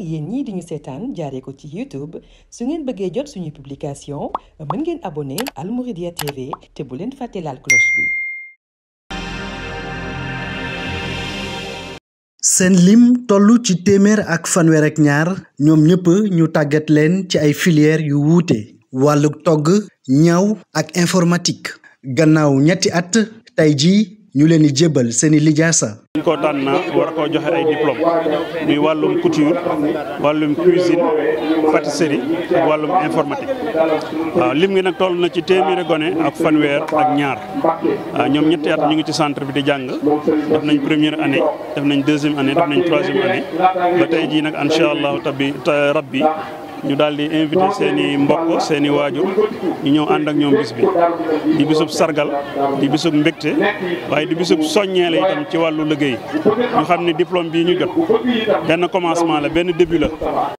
yéen ñii diñu seetaan jaaree ko ci YouTube ngeen bëggee jot suñuy publication mën ngeen abonné Al Mouridiyyah te bu leen fàtte laal seen lim tollu ci téeméer ak fanweer ak ñaar ñoom ñëpp ñu tàggat leen ci ay filière yu wuute wàllu togg ñaw ak informatique gannaaw ñetti at tey jii ñu leen di jébbal seeni i lijaasa. dañ koo tànn war koo joxe ay diplôme muy wàllum couture wàllum cuisine pâtisserie ak wàllum informatique waaw lim ngi nag toll na ci téeméeri gone ak fanweer ak ñaar ñoom ñetti at ñu ngi ci centre bi di jàng def nañ première année def nañ deuxième année def nañ troisième année ba tey jii nag incha allahu tabi rabbi ñu daal di invité seeni i mbokk seen i waajur ñu ñëw ànd ak ñoom bis bi di bisub sargal di bisub mbégte waaye di bisub soññee la itam ci wàllu liggéey ñu xam ne diplôme bii ñu jot benn commencement la benn début la.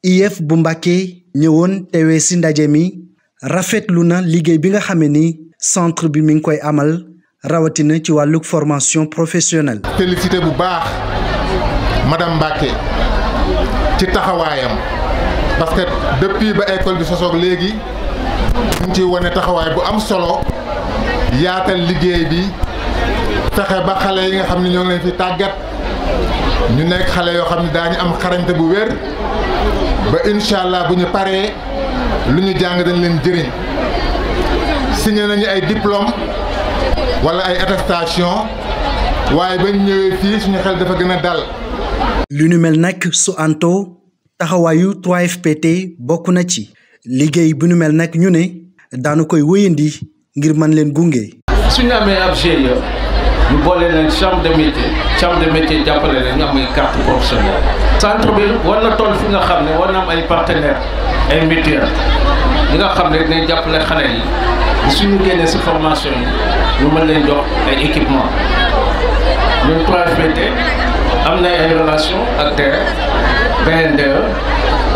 IEF bu Mbacké ñëwoon teewee si ndaje mi rafetlu na liggéey bi nga xamee ni centre bi mi ngi koy amal rawatina ci wàllu formation professionnelle. félicité bu baax madame Mbacké ci taxawaayam. parce que depuis ba école bi sosoog léegi ñu ngi ciy wane taxawaay bu am solo yaatal liggéey bi fexe ba xale yi nga xam ne ñoo ngi leen fi tàggat ñu nekk xale yoo xam ne daañu am xarañte bu wér ba incha allah bu ñu paree lu ñu jàng dañ leen jëriñ signé nañu ay diplôme wala ay attestation waaye ba ñu ñëwee fii suñu xel dafa gën a dal. lu ñu mel nag su anto taxawaayu 3FPT bokk na ci liggéey bi nu mel nag ñu ne daanu koy wëyandi ngir mën leen gunge. suñu amee ab GIE ñu boole leen chambre de métier chambre de métier jàppale leen nga am ay carte professionnelle centre bi war na toll fi nga xam ne war na am ay partenaires ay mutuelles ñi nga xam ne dinañ jàppale xale yi suñu génnee si formation yi ñu mën leen jox ay équipement ñun 3FPT am na ay relation ak terre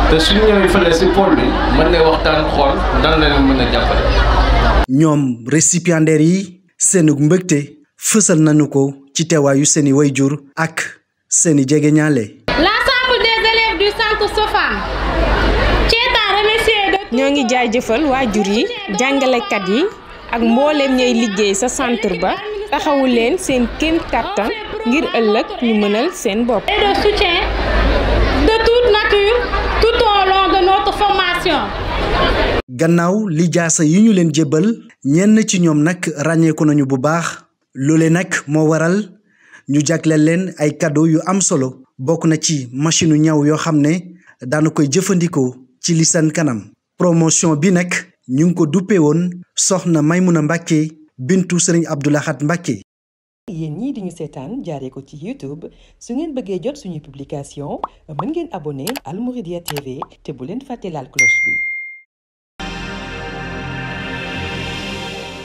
te suñ ñëwee fële si pôle bi mën na waxtaan xool dan leen mën a jàppale. ñoom récipiendaires yi seenug mbëgte fësal nañu ko ci teewaayu seeni i wayjur ak seeni i jege ñaale. l'ensemble des élèves du centre Sofam ñoo ngi jaajëfal waajur yi jàngalekat yi ak mbooleem ñay liggéey sa centre ba taxawu leen seen kéem kattan ngir ëllëg ñu mënal seen bopp. gannaaw li jaasa yi ñu leen jébbal ñenn ci ñoom nag ràññeeku nañu bu baax loole nag moo waral ñu jagleel leen ay cadeau yu am solo bokk na ci machine ñaw yoo xam ne daana koy jëfandikoo ci li seen kanam promotion bi nag ñu ngi ko duppee woon soxna Maymuna Mbàkke bintu sëriñ Abdou Lahad Mbàkke yéen ñii diñu ñu seetaan jaaree ko ci YouTube su ngeen bëggee jot suñuy publication mën ngeen abonné Al Mouridiyyah TV te bu leen fàtte laal cloche bi